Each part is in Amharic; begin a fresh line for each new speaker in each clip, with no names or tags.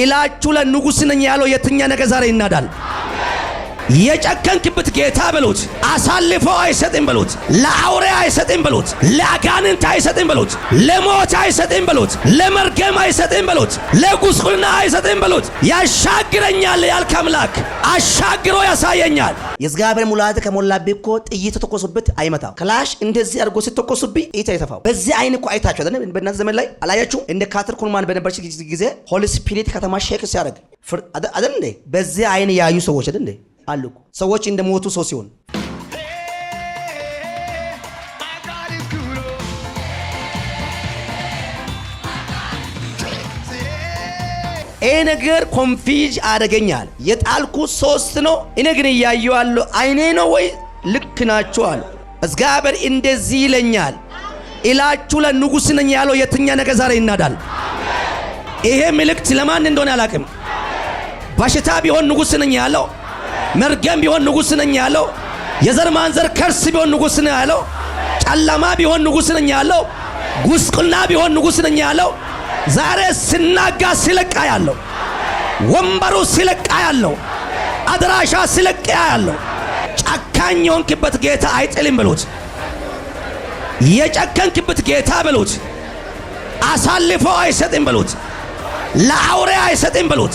ኢላችሁ ለንጉሥ ነኝ ያለው የትኛ ነገር ዛሬ ይናዳል? የጨከንክበት ጌታ በሉት፣ አሳልፎ አይሰጥም በሉት፣ ለአውሬ አይሰጥም በሉት፣ ለአጋንንት አይሰጥም በሉት፣ ለሞት አይሰጥም በሉት፣ ለመርገም አይሰጥም በሉት፣ ለጉስቁልና አይሰጥም በሉት። ያሻግረኛል ያልክ አምላክ አሻግሮ ያሳየኛል። የእግዚአብሔር ሙላት ከሞላብህ እኮ ጥይት ተተኮሱበት አይመታም። ክላሽ እንደዚህ አድርጎ ሲተኮሱብህ ጥይት አይተፋም። በዚህ አይን እኮ አይታችሁ አይደለም? በእናንተ ዘመን ላይ አላያችሁ? እንደ ካትር ኩንማን በነበረች ጊዜ ሆሊ ስፒሪት ከተማ ሼክ ሲያደርግ አይደል እንዴ? በዚህ አይን ያዩ ሰዎች አይደል እንዴ? አሉ ሰዎች እንደሞቱ ሰው ሲሆን ይሄ ነገር ኮንፊዥ አደረገኛል። የጣልኩ ሶስት ነው፣ እኔ ግን እያየሁ አይኔ ነው ወይ ልክ ናችሁ አሉ። እግዚአብሔር እንደዚህ ይለኛል እላችሁ ለንጉሥ ነኝ ያለው የትኛ ነገር ዛሬ ይናዳል? ይሄ ምልክት ለማን እንደሆነ አላቅም። በሽታ ቢሆን ንጉሥ ነኝ ያለው መርገም ቢሆን ንጉሥ ነኝ ያለው፣ የዘር ማንዘር ከርስ ቢሆን ንጉሥ ነኝ ያለው፣ ጨለማ ቢሆን ንጉሥ ነኝ ያለው፣ ጉስቁልና ቢሆን ንጉሥ ነኝ ያለው፣ ዛሬ ስናጋ ሲለቃ ያለው፣ ወንበሩ ሲለቃ ያለው፣ አድራሻ ሲለቃ ያለው፣ ጨካኝ የሆንክበት ጌታ አይጥልም ብሉት፣ የጨከንክበት ጌታ ብሉት፣ አሳልፎ አይሰጥም ብሉት፣ ለአውሬ አይሰጥም ብሉት፣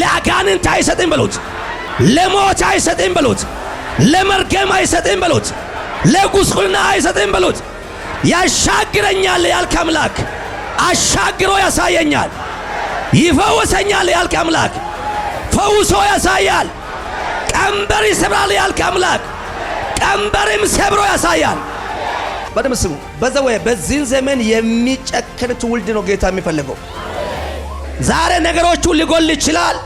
ለአጋንንት አይሰጥም ብሉት። ለሞት አይሰጥም በሉት። ለመርገም አይሰጥም በሉት። ለጉስቁልና አይሰጥም በሉት። ያሻግረኛል ያልክ አምላክ አሻግሮ ያሳየኛል። ይፈውሰኛል ያልክ አምላክ ፈውሶ ያሳያል። ቀንበር ይሰብራል ያልክ አምላክ ቀንበርም ሰብሮ ያሳያል። በደም ስሙ በዘወ በዚህ ዘመን የሚጨክን ትውልድ ነው ጌታ የሚፈልገው። ዛሬ ነገሮቹ ሊጎል ይችላል።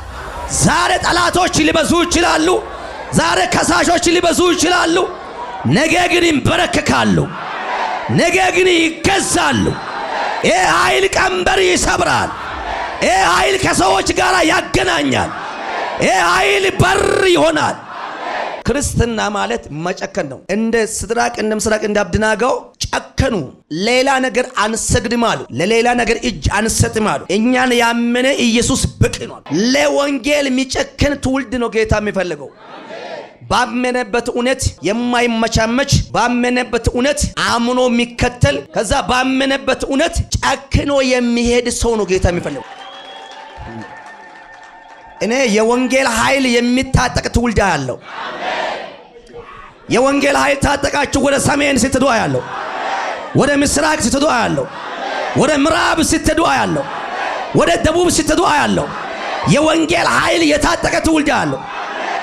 ዛሬ ጠላቶች ሊበዙ ይችላሉ። ዛሬ ከሳሾች ሊበዙ ይችላሉ። ነገ ግን ይንበረከካሉ። ነገ ግን ይገዛሉ። ይህ ኃይል ቀንበር ይሰብራል። ይህ ኃይል ከሰዎች ጋር ያገናኛል። ይህ ኃይል በር ይሆናል። ክርስትና ማለት መጨከን ነው። እንደ ስድራቅ እንደ ምስራቅ እንደ አብደናጎ ጨከኑ። ሌላ ነገር አንሰግድም አሉ። ለሌላ ነገር እጅ አንሰጥም አሉ። እኛን ያመነ ኢየሱስ ብቅ ነው። ለወንጌል የሚጨከን ትውልድ ነው ጌታ የሚፈልገው። ባመነበት እውነት የማይመቻመች ባመነበት እውነት አምኖ የሚከተል ከዛ ባመነበት እውነት ጨክኖ የሚሄድ ሰው ነው ጌታ የሚፈልገው። እኔ የወንጌል ኃይል የሚታጠቅ ትውልድ ያለው የወንጌል ኃይል ታጠቃችሁ ወደ ሰሜን ስትዱ ያለው ወደ ምስራቅ ስትሄዱ አያለሁ። ወደ ምዕራብ ስትሄዱ አያለሁ። ወደ ደቡብ ስትሄዱ አያለሁ። የወንጌል ኃይል የታጠቀ ትውልድ አያለሁ።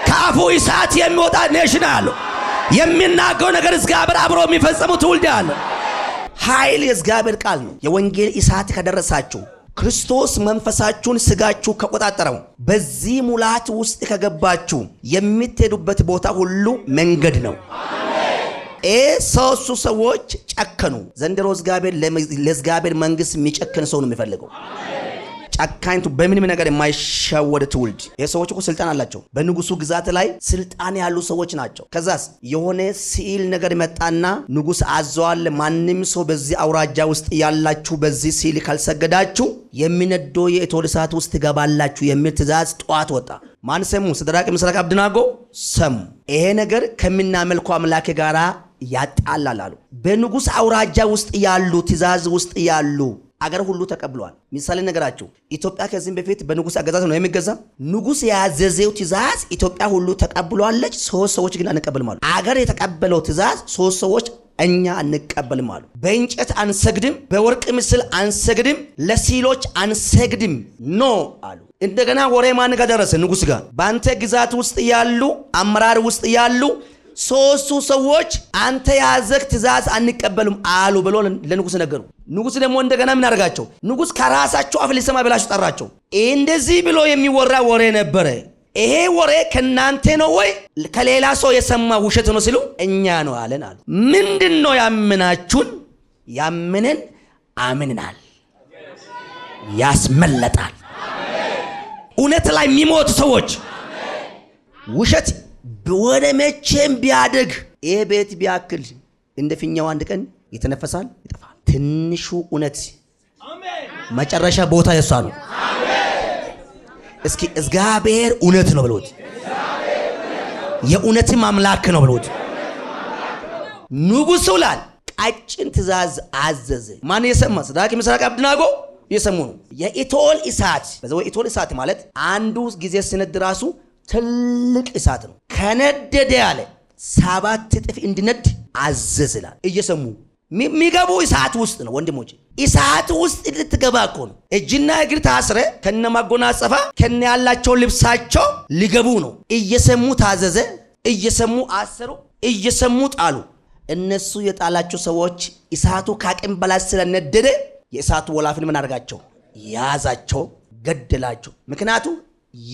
ከአፉ እሳት የሚወጣ ኔሽን አያለሁ። የሚናገው ነገር እግዚአብሔር አብሮ የሚፈጸሙ ትውልድ አያለሁ። ኃይል የእግዚአብሔር ቃል ነው። የወንጌል እሳት ከደረሳችሁ ክርስቶስ መንፈሳችሁን ስጋችሁ ከቆጣጠረው በዚህ ሙላት ውስጥ ከገባችሁ የምትሄዱበት ቦታ ሁሉ መንገድ ነው። ሶስቱ ሰዎች ጨከኑ። ዘንድሮ ለእግዚአብሔር መንግስት የሚጨክን ሰው ነው የሚፈልገው። ጨካኝቱ በምንም ነገር የማይሸወድ ትውልድ። ሰዎች እኮ ስልጣን አላቸው። በንጉሱ ግዛት ላይ ስልጣን ያሉ ሰዎች ናቸው። ከዛስ የሆነ ስዕል ነገር መጣና ንጉስ አዘዋል። ማንም ሰው በዚህ አውራጃ ውስጥ ያላችሁ በዚህ ስዕል ካልሰገዳችሁ የሚነዶ የእቶን እሳት ውስጥ ትገባላችሁ የሚል ትእዛዝ ጠዋት ወጣ። ማን ሰሙ? ሲድራቅ፣ ሚሳቅ አብደናጎ ሰሙ። ይሄ ነገር ከምናመልኩ አምላክ ጋር ያጣላል አሉ። በንጉሥ አውራጃ ውስጥ ያሉ ትእዛዝ ውስጥ ያሉ አገር ሁሉ ተቀብለዋል። ምሳሌ ነገራቸው ኢትዮጵያ ከዚህም በፊት በንጉሥ አገዛዝ ነው የሚገዛ። ንጉሥ ያዘዘው ትእዛዝ ኢትዮጵያ ሁሉ ተቀብሏለች። ሶስት ሰዎች ግን አንቀበልም አሉ። አገር የተቀበለው ትእዛዝ ሶስት ሰዎች እኛ አንቀበልም አሉ። በእንጨት አንሰግድም፣ በወርቅ ምስል አንሰግድም፣ ለሲሎች አንሰግድም ኖ አሉ። እንደገና ወሬ ማን ጋር ደረሰ? ንጉሥ ጋር። በአንተ ግዛት ውስጥ ያሉ አመራር ውስጥ ያሉ ሶስቱ ሰዎች አንተ ያዘህ ትእዛዝ አንቀበልም አሉ ብሎ ለንጉሥ ነገሩ። ንጉሥ ደግሞ እንደገና ምን አደርጋቸው? ንጉሥ ከራሳቸው አፍ ሊሰማ ብላችሁ ጠራቸው። እንደዚህ ብሎ የሚወራ ወሬ ነበረ። ይሄ ወሬ ከእናንተ ነው ወይ ከሌላ ሰው የሰማ ውሸት ነው ሲሉ እኛ ነው አለን አሉ። ምንድን ነው ያምናችሁን? ያምንን አምንናል። ያስመለጣል እውነት ላይ የሚሞቱ ሰዎች ውሸት ወደ መቼም ቢያድግ ይህ ቤት ቢያክል እንደ ፊኛው አንድ ቀን ይተነፈሳል፣ ይጠፋል። ትንሹ እውነት መጨረሻ ቦታ የሷ ነው። እስኪ እግዚአብሔር እውነት ነው ብሎት የእውነትም አምላክ ነው ብሎት ንጉሥ ውላል ቀጭን ትእዛዝ አዘዘ። ማን የሰማ? ሲድራቅ ሚሳቅ አብደናጎ የሰሙ ነው። የኢቶል እሳት በዘ ኢቶል እሳት ማለት አንዱ ጊዜ ስነድ ራሱ ትልቅ እሳት ነው። ከነደደ ያለ ሰባት እጥፍ እንዲነድ አዘዝላል። እየሰሙ የሚገቡ እሳት ውስጥ ነው ወንድሞች፣ እሳት ውስጥ ልትገባ እኮ ነው። እጅና እግር ታስረ ከነ ማጎናጸፋ ከነ ያላቸው ልብሳቸው ሊገቡ ነው። እየሰሙ ታዘዘ፣ እየሰሙ አሰሩ፣ እየሰሙ ጣሉ። እነሱ የጣላቸው ሰዎች እሳቱ ከአቅም በላይ ስለነደደ የእሳቱ ወላፊን ምን አድርጋቸው? ያዛቸው፣ ገደላቸው። ምክንያቱ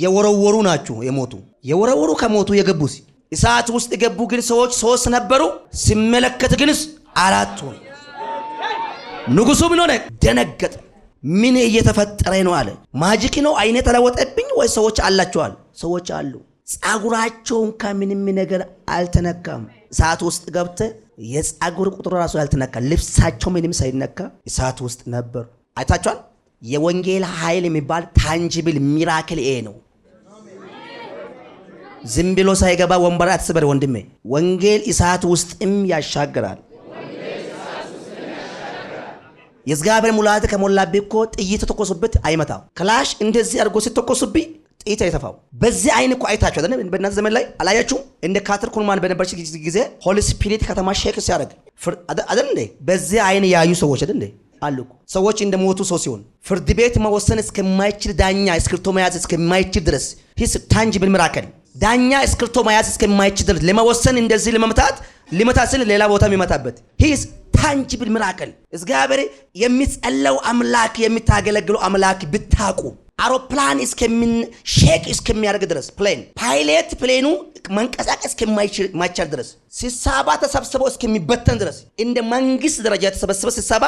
የወረወሩ ናቸው የሞቱ የወረወሩ ከሞቱ የገቡት እሳት ውስጥ የገቡ ግን ሰዎች ሶስት ነበሩ። ሲመለከት ግንስ አራት ሆኑ። ንጉሱ ምን ሆነ? ደነገጠ። ምን እየተፈጠረ ነው አለ። ማጂክ ነው አይኔ ተለወጠብኝ ወይ? ሰዎች አላቸዋል። ሰዎች አሉ። ጸጉራቸውን ከምንም ነገር አልተነካም። እሳት ውስጥ ገብተ የጸጉር ቁጥር ራሱ ያልተነካ ልብሳቸው ምንም ሳይነካ እሳት ውስጥ ነበሩ። አይታቸዋል። የወንጌል ኃይል የሚባል ታንጅብል ሚራክል ይሄ ነው። ዝም ብሎ ሳይገባ ወንበር አትስበር ወንድሜ። ወንጌል እሳት ውስጥም ያሻግራል። የእግዚአብሔር ሙላት ከሞላብህ እኮ ጥይት ተኮሱበት አይመታው። ክላሽ እንደዚህ አድርጎ ሲተኮሱብኝ ጥይት አይተፋው። በዚህ አይን እኮ አይታችሁ በእናት ዘመን ላይ አላያችሁም? እንደ ካትር ኩንማን በነበረች ጊዜ ሆሊ ስፒሪት ከተማ ሼክ ሲያደርግ አደ እንዴ? በዚህ አይን ያዩ ሰዎች አይደል እንዴ? አሉ። ሰዎች እንደሞቱ ሰው ሲሆን ፍርድ ቤት መወሰን እስከማይችል ዳኛ እስክርቶ መያዝ እስከማይችል ድረስ ሂስ ታንጅብል ምራከል ዳኛ እስክርቶ መያዝ እስከማይችል ድረስ ለመወሰን እንደዚህ ለመምታት ሊመታ ስል ሌላ ቦታ የሚመታበት ሂስ ታንጅብል ምራከል እግዚአብሔር የሚጸለው አምላክ የሚታገለግሉ አምላክ ብታቁ አውሮፕላን ሼክ እስከሚያደርግ ድረስ ፕሌን ፓይለት ፕሌኑ መንቀሳቀስ እስከማይችል ድረስ ሲሳባ ተሰብስበው እስከሚበተን ድረስ እንደ መንግስት ደረጃ የተሰበሰበ ሲሳባ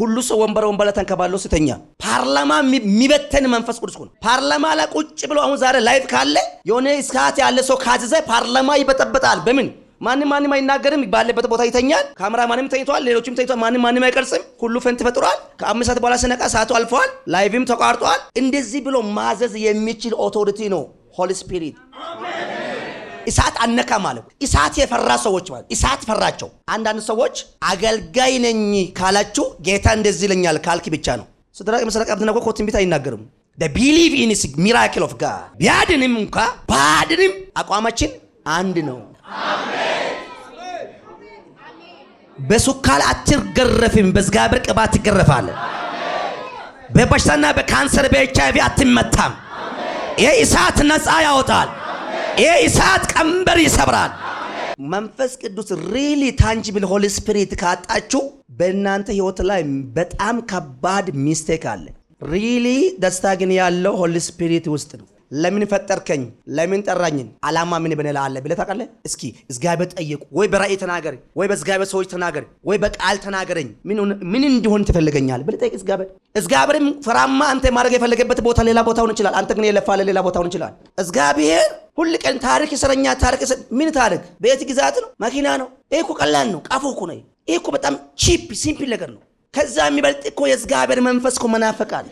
ሁሉ ሰው ወንበረ ወንበር ላይ ተንከባለው ስተኛ ፓርላማ የሚበተን መንፈስ ቅዱስ ነው። ፓርላማ ላይ ቁጭ ብሎ አሁን ዛሬ ላይፍ ካለ የሆነ ስካት ያለ ሰው ካዘዘ ፓርላማ ይበጠበጣል። በምን ማንም ማንም አይናገርም፣ ባለበት ቦታ ይተኛል። ካሜራ ማንም ተኝቷል፣ ሌሎችም ተኝቷል። ማንም ማንም አይቀርጽም። ሁሉ ፈንት ፈጥሯል። ከአምስት ሰዓት በኋላ ስነቃ ሰዓቱ አልፏል፣ ላይቭም ተቋርጧል። እንደዚህ ብሎ ማዘዝ የሚችል ኦቶሪቲ ነው ሆሊ ስፒሪት እሳት አነካም አለ። እሳት የፈራ ሰዎች ማለት እሳት ፈራቸው። አንዳንድ ሰዎች አገልጋይ ነኝ ካላችሁ ጌታ እንደዚህ ይለኛል ካልክ ብቻ ነው። ሲድራቅ ሚሳቅ አብደናጎ እኮ ትንቢት አይናገርም። ቢሊቭ ኢን ሚራክል ኦፍ ጋድ ቢያድንም እንኳ ባድንም አቋማችን አንድ ነው። በሱካል አትገረፍም፣ በእግዚአብሔር ቅባት ትገረፋለህ። በበሽታና በካንሰር በኤች አይ ቪ አትመታም። ይህ እሳት ነፃ ያወጣል። የእሳት ቀንበር ይሰብራል። መንፈስ ቅዱስ ሪሊ ታንጅብል ሆሊ ስፒሪት ካጣችሁ በእናንተ ህይወት ላይ በጣም ከባድ ሚስቴክ አለ። ሪሊ ደስታ ግን ያለው ሆሊ ስፒሪት ውስጥ ነው። ለምን ፈጠርከኝ? ለምን ጠራኝን? አላማ ምን ብንላ አለ ብለ ታቃለ። እስኪ እግዚአብሔር ጠይቁ፣ ወይ በራእይ ተናገር፣ ወይ በእግዚአብሔር ሰዎች ተናገር ወይ በቃል ተናገረኝ ምን እንዲሆን ትፈልገኛል ብለ ጠይቅ እግዚአብሔር። እግዚአብሔርም ፈራማ አንተ ማድረግ የፈለገበት ቦታ ሌላ ቦታ ሆን ይችላል። አንተ ግን የለፋለ ሌላ ቦታ ሆን ይችላል። እግዚአብሔር ሁል ቀን ታሪክ ይሰረኛ ታሪክ ምን ታሪክ ቤት ግዛት ነው መኪና ነው ይህ እኮ ቀላል ነው ቃፎ እኮ ነው ይህ እኮ በጣም ቺፕ ሲምፕል ነገር ነው ከዛ የሚበልጥ እኮ የእግዚአብሔር መንፈስ እኮ መናፈቃል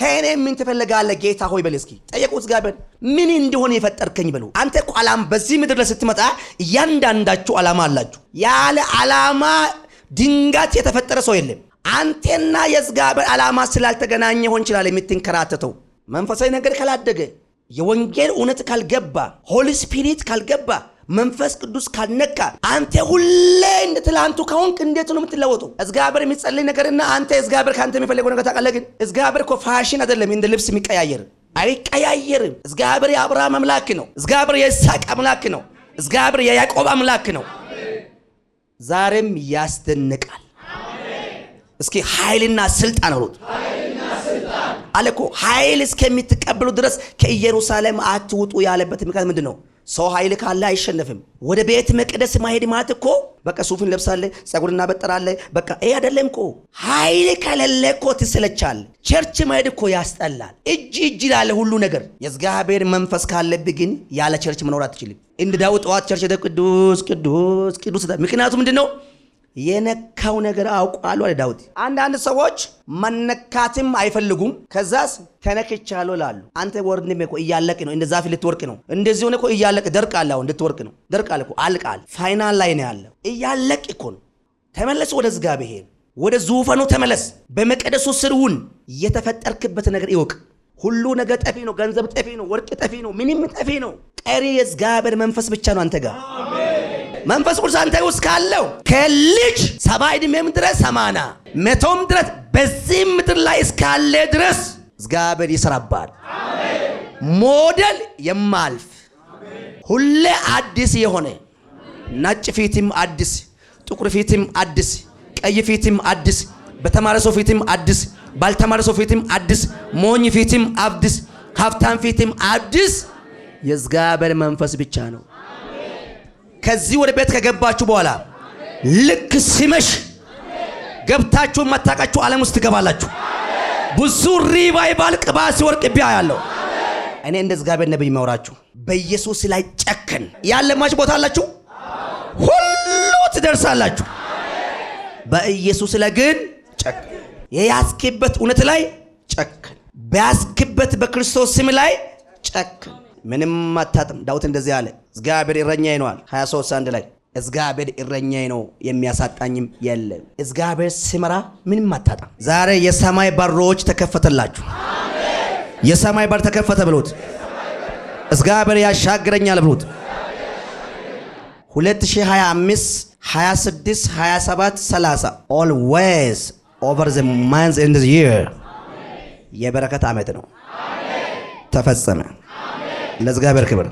ከእኔ ምን ትፈልጋለህ ጌታ ሆይ በል እስኪ ጠየቁ እግዚአብሔር ምን እንደሆነ የፈጠርከኝ በሉ አንተ እኮ አላማ በዚህ ምድር ላይ ስትመጣ እያንዳንዳችሁ አላማ አላችሁ ያለ አላማ ድንጋት የተፈጠረ ሰው የለም አንቴና የእግዚአብሔር አላማ ስላልተገናኘ ሆን ይችላል የምትንከራተተው መንፈሳዊ ነገር ካላደገ የወንጌል እውነት ካልገባ ሆሊ ስፒሪት ካልገባ መንፈስ ቅዱስ ካልነካ አንተ ሁሌ እንደ ትላንቱ ከሆንክ እንዴት ነው የምትለወጠው? እግዚአብሔር የሚጸልይ ነገርና አንተ እግዚአብሔር ከአንተ የሚፈልገው ነገር ታውቃለህ። ግን እግዚአብሔር እኮ ፋሽን አይደለም እንደ ልብስ የሚቀያየር አይቀያየርም። እግዚአብሔር የአብርሃም አምላክ ነው። እግዚአብሔር የይስሐቅ አምላክ ነው። እግዚአብሔር የያዕቆብ አምላክ ነው። ዛሬም ያስደንቃል። እስኪ ኃይልና ስልጣን አሉት። አለኮ ኃይል እስከሚትቀበሉ ድረስ ከኢየሩሳሌም አትውጡ ያለበት ምክንያት ምንድን ነው? ሰው ኃይል ካለ አይሸነፍም። ወደ ቤት መቅደስ ማሄድ ማለት እኮ በቃ ሱፍን ለብሳለ፣ ጸጉር እናበጠራለ፣ በቃ ይሄ አይደለም እኮ። ኃይል ከሌለ እኮ ትስለቻል። ቸርች መሄድ እኮ ያስጠላል። እጅ እጅ ላለ ሁሉ ነገር የእግዚአብሔር መንፈስ ካለብህ ግን ያለ ቸርች መኖር አትችልም። እንደ ዳዊት ጠዋት ቸርች ቅዱስ ቅዱስ ቅዱስ ምክንያቱ ምንድን ነው? የነካው ነገር አውቃለሁ አለ ዳዊት። አንዳንድ ሰዎች መነካትም አይፈልጉም። ከዛስ ተነክቻለሁ ላሉ አንተ ወንድሜ እኮ እያለቅ ነው፣ እንደ ዛፍ ልትወርቅ ነው፣ እንደዚህ ሆነ እኮ እያለቅ አሁን ልትወርቅ ነው፣ ደርቃለሁ እኮ አልቃል፣ ፋይናል ላይ ነው ያለው፣ እያለቅ እኮ ነው። ተመለስ ወደ እግዚአብሔር፣ ወደ ዙፋኑ ተመለስ፣ በመቀደሱ ስር ሁን። የተፈጠርክበት ነገር ይወቅ። ሁሉ ነገር ጠፊ ነው። ገንዘብ ጠፊ ነው። ወርቅ ጠፊ ነው። ምንም ጠፊ ነው። ቀሪ የእግዚአብሔር መንፈስ ብቻ ነው አንተ ጋር መንፈስ ቅዱስ አንተ ውስጥ ካለው ከልጅ ሰባ ዕድሜም ድረስ ሰማና መቶም ድረስ በዚህ ምድር ላይ እስካለ ድረስ እግዚአብሔር ይሰራባል። ሞዴል የማልፍ ሁሌ አዲስ የሆነ ነጭ ፊትም አዲስ፣ ጥቁር ፊትም አዲስ፣ ቀይ ፊትም አዲስ፣ በተማረ ሰው ፊትም አዲስ፣ ባልተማረ ሰው ፊትም አዲስ፣ ሞኝ ፊትም አዲስ፣ ሀብታም ፊትም አዲስ የእግዚአብሔር መንፈስ ብቻ ነው። ከዚህ ወደ ቤት ከገባችሁ በኋላ ልክ ሲመሽ ገብታችሁ መታቃችሁ ዓለም ውስጥ ትገባላችሁ። ብዙ ሪቫይቫል ቅባ ሲወርቅ ቢ ያለው እኔ እንደ እግዚአብሔር ነብይ መውራችሁ በኢየሱስ ላይ ጨክን ያለማች ቦታ አላችሁ፣ ሁሉ ትደርሳላችሁ። በኢየሱስ ላይ ግን ጨከን፣ የያዝክበት እውነት ላይ ጨክን በያዝክበት በክርስቶስ ስም ላይ ጨክን ምንም አታጥም። ዳዊት እንደዚህ አለ እግዚአብሔር እረኛዬ ነው 23 አንድ ላይ እግዚአብሔር እረኛዬ ነው የሚያሳጣኝም የለም። እግዚአብሔር ሲመራ ምንም አታጣም። ዛሬ የሰማይ በሮች ተከፈተላችሁ። የሰማይ በር ተከፈተ ብሎት እግዚአብሔር ያሻግረኛል ብሎት 2025 26 27 30 always over the months in this year የበረከት ዓመት ነው። ተፈጸመ። ለእግዚአብሔር ክብር